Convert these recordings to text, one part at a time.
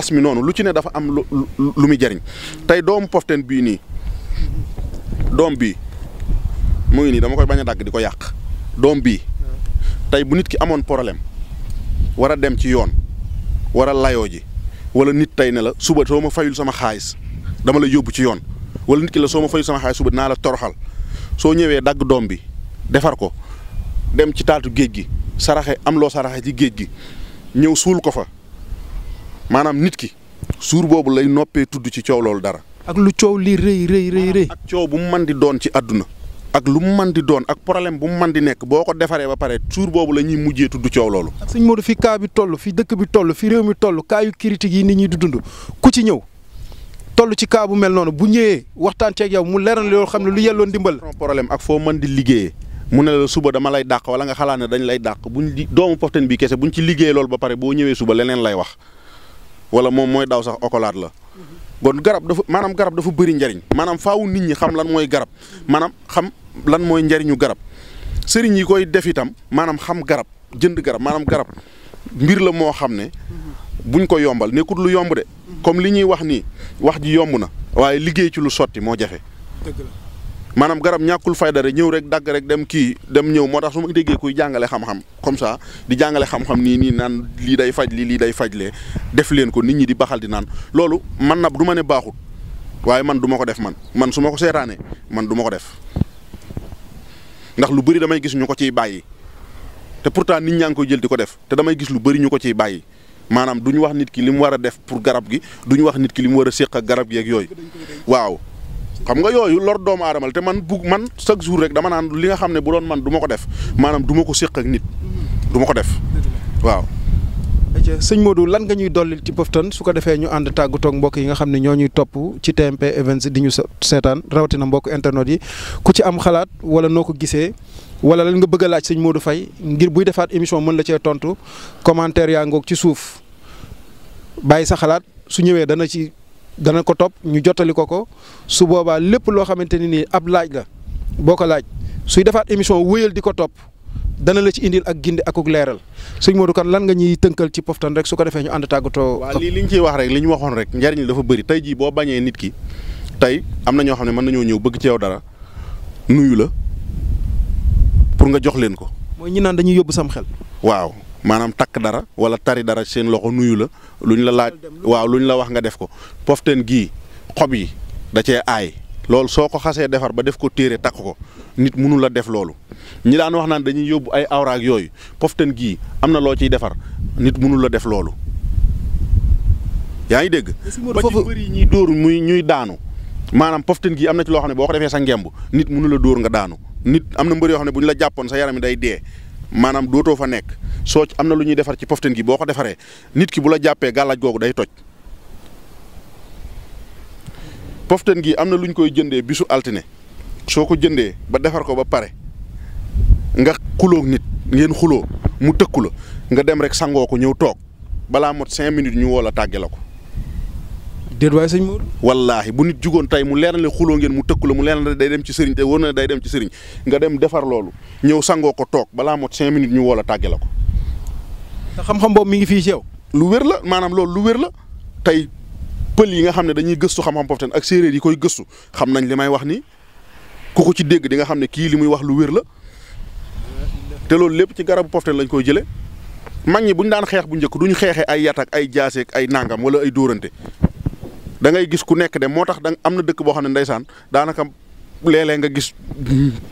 xas mi noonu lu ci ne dafa am lu lu muy jariñ tey doomu poften bii nii doom bii mu ngi nii dama koy bañ a dàgg di ko yàq doom bii tey bu nit ki amoon problème war a dem ci yoon war a layoo ji wala nit tey ne la suba soo ma fayul sama xaalis dama la yóbbu ci yoon wala nit ki la soo ma fayul sama xaalis suba dinaa la toroxal soo ñëwee dagg doom bi defar ko dem ci taatu géej gi saraxe am loo saraxe ci géej gi ñëw suul ko fa maanaam nit ki suur boobu lay noppee tudd ci coow loolu dara. ak lu coow li rëy rëy rëy rëy. ak coow bu mu mën di doon ci àdduna. ak lu mu mën di doon ak problème bu mu mën di nekk boo ko defaree ba pare suur boobu la ñuy mujjee tudd coow loolu. suñ sëñ Modou fi kaa bi toll fi dëkk bi toll fi réew mi toll kaa yu critique yi nit ñi di dund ku ci ñëw tollu ci kaa bu mel noonu bu ñëwee waxtaan ceeg yow mu leeral yoo xam ne lu yelloo ndimbal. problème ak foo mën di liggéeyee mu ne la suba dama lay dàq wala nga xalaat ne dañ lay dàq buñ doomu Poftan bi kese buñ ci liggéeyee loolu ba pare boo ñëwee suba leneen lay wax. wala moom mooy daw sax okolaat la kon garab dafa maanaam garab dafa bëri njariñ maanaam faaw nit ñi xam lan mooy garab maanaam xam lan mooy njariñu garab sëriñ yi koy def itam maanaam xam garab jënd garab maanaam garab mbir la moo xam ne buñ ko yombal nekkut lu yomb de comme li ñuy wax ni wax ji yomb na waaye liggéey ci lu sotti moo jafe. dëgg manam garab ñakul fayda rek ñew rek dag rek dem ki dem ñew motax suma déggé kuy jàngalé xam xam comme ça di jàngalé xam xam ni ni nan li day faj li li day lé def leen ko nit ñi di baxal di nan lolu man na duma né baxut waye man duma ko def man man suma ko sétané man duma ko def ndax lu bari damay gis ñuko ci bayyi té pourtant nit ñang ko jël diko def té damay gis lu bari ñuko ci bayyi manam duñ wax nit ki lim wara def pour garab gi duñ wax nit ki lim wara sékk garab gi ak yoy waaw xam nga yooyu lor doomu aadama te man bugg man chaque jour rek dama naan li nga xam ne bu doon man duma ko def maanaam du ma ko séq ak nit mm-hmm. du ma ko def waaw. sëñ Modou lan nga ñuy dolli ci Poftan su ko defee ñu ànd tàggatoo ak mbokk yi nga xam ne ñoo ñuy topp ci TMP Events di ñu seetaan rawatina mbokk internet yi ku ci am xalaat wala noo ko gisee wala lan nga bëgg a laaj sëñ du Faye ngir buy defaat émission mën la cee tontu commentaire yaa ngoog ci suuf bàyyi sa xalaat su ñëwee dana ci dana ko topp ñu jottali ko ko su boobaa lépp loo xamante ni nii ab laaj la boo ko laaj suy defaat émission wéyal di ko topp dana la ci indil ak gindi ak ak leeral sëñ Modou kan lan nga ñuy tënkal ci poftan rek su ko defee ñu ànd tàggatoo. waaw lii li ñu ciy wax rek li ñu waxoon rek njariñ dafa bëri tey jii boo bañee nit ki tey am na ñoo xam ne mën nañoo ñëw bëgg ci yow dara nuyu la pour nga jox leen ko. mooy ñi naan dañuy yóbbu sam xel. waaw maanaam takk dara wala tari dara seen loxo nuyu la luñ la laaj waaw luñ la wax nga def ko poften gii xob yi da cee aay loolu soo ko xasee defar ba def ko téere takk ko nit mënu la def loolu ñi daan wax naan dañuy yóbbu ay awraag yooyu poften gii am na loo ciy defar nit mënu la def loolu yaa ngi dégg ba ci bëri ñuy dóor muy ñuy daanu maanaam poften gii am na ci loo xam ne boo ko defee sa ngemb nit mënu la dóor nga daanu nit am na mbër yoo xam ne bu ñu la jàppoon sa yaram yi day dee maanaam dootoo fa nekk so am na lu ci poften gi boo ko nit ki bu la jàppee gàllaaj day toj poften gi am na lu koy bisu altine soo ko jende ba defar ko ba pare nga xuloo nit ngeen xuloo mu tëkku la nga dem rek sangoo ko ñëw toog balaa mot cinq minutes ñu woo la tàgge la ko. déet waaye bu nit jugoon tey mu le xuloo ngeen mu tëkku mu day dem ci sëriñ te wona day dem ci sëriñ nga dem defar loolu ñëw sangoo ko toog balaa mot cinq minutes ñu te xam-xam boobu mi ngi fii sew lu wér la maanaam loolu lu wér la tey pël yi nga xam ne dañuy gëstu xam-xam poftan ak séeréer yi koy gëstu xam nañ li may wax ni ku ko ci dégg di nga xam ne kii li muy wax lu wér la te loolu lépp ci garabu poftan lañ koy jëlee mag ñi bu daan xeex bu njëkk du ñu xeexee ay yat ay jaaseek ay nangam wala ay dóorante da ngay gis ku nekk de moo tax da am na dëkk boo xam ne ndeysaan daanaka léeg-léeg nga gis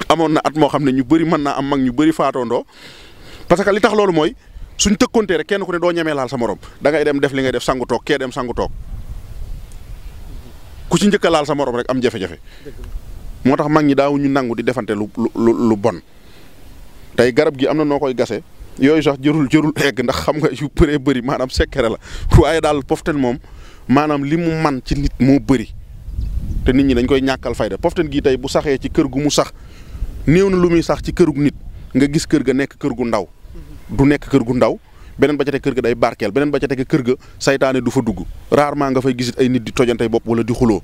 amoon na at moo xam ne ñu bëri mën naa am mag ñu bëri faatoondoo parce que li tax loolu mooy suñ tekkonté rek kenn ku ne do ñemee laal sa morom da ngay dem def li ngay def sangu tok kee dem sangu tok ku ci njëkk laal sa morom rek am jafe-jafe motax mag ñi daaw ñu nangu di defante lu lu bon tay garab gi am nokoy gassé yoy sax jërul jërul egg ndax xam nga yu bëri manam secret la waye daal poften mom, manam limu man ci nit mo bëri té nit ñi dañ koy fayda poften gi tay bu saxé ci kër gu mu sax néew lu muy sax ci kër gu nit nga gis kër ga nek kër gu ndaw du nekk kër gu ndaw beneen ba ca teg kër ga day barkeel beneen ba ca teg kër ga seytaane du fa dugg maa nga fay gisit ay nit di tojante bopp wala di xuloo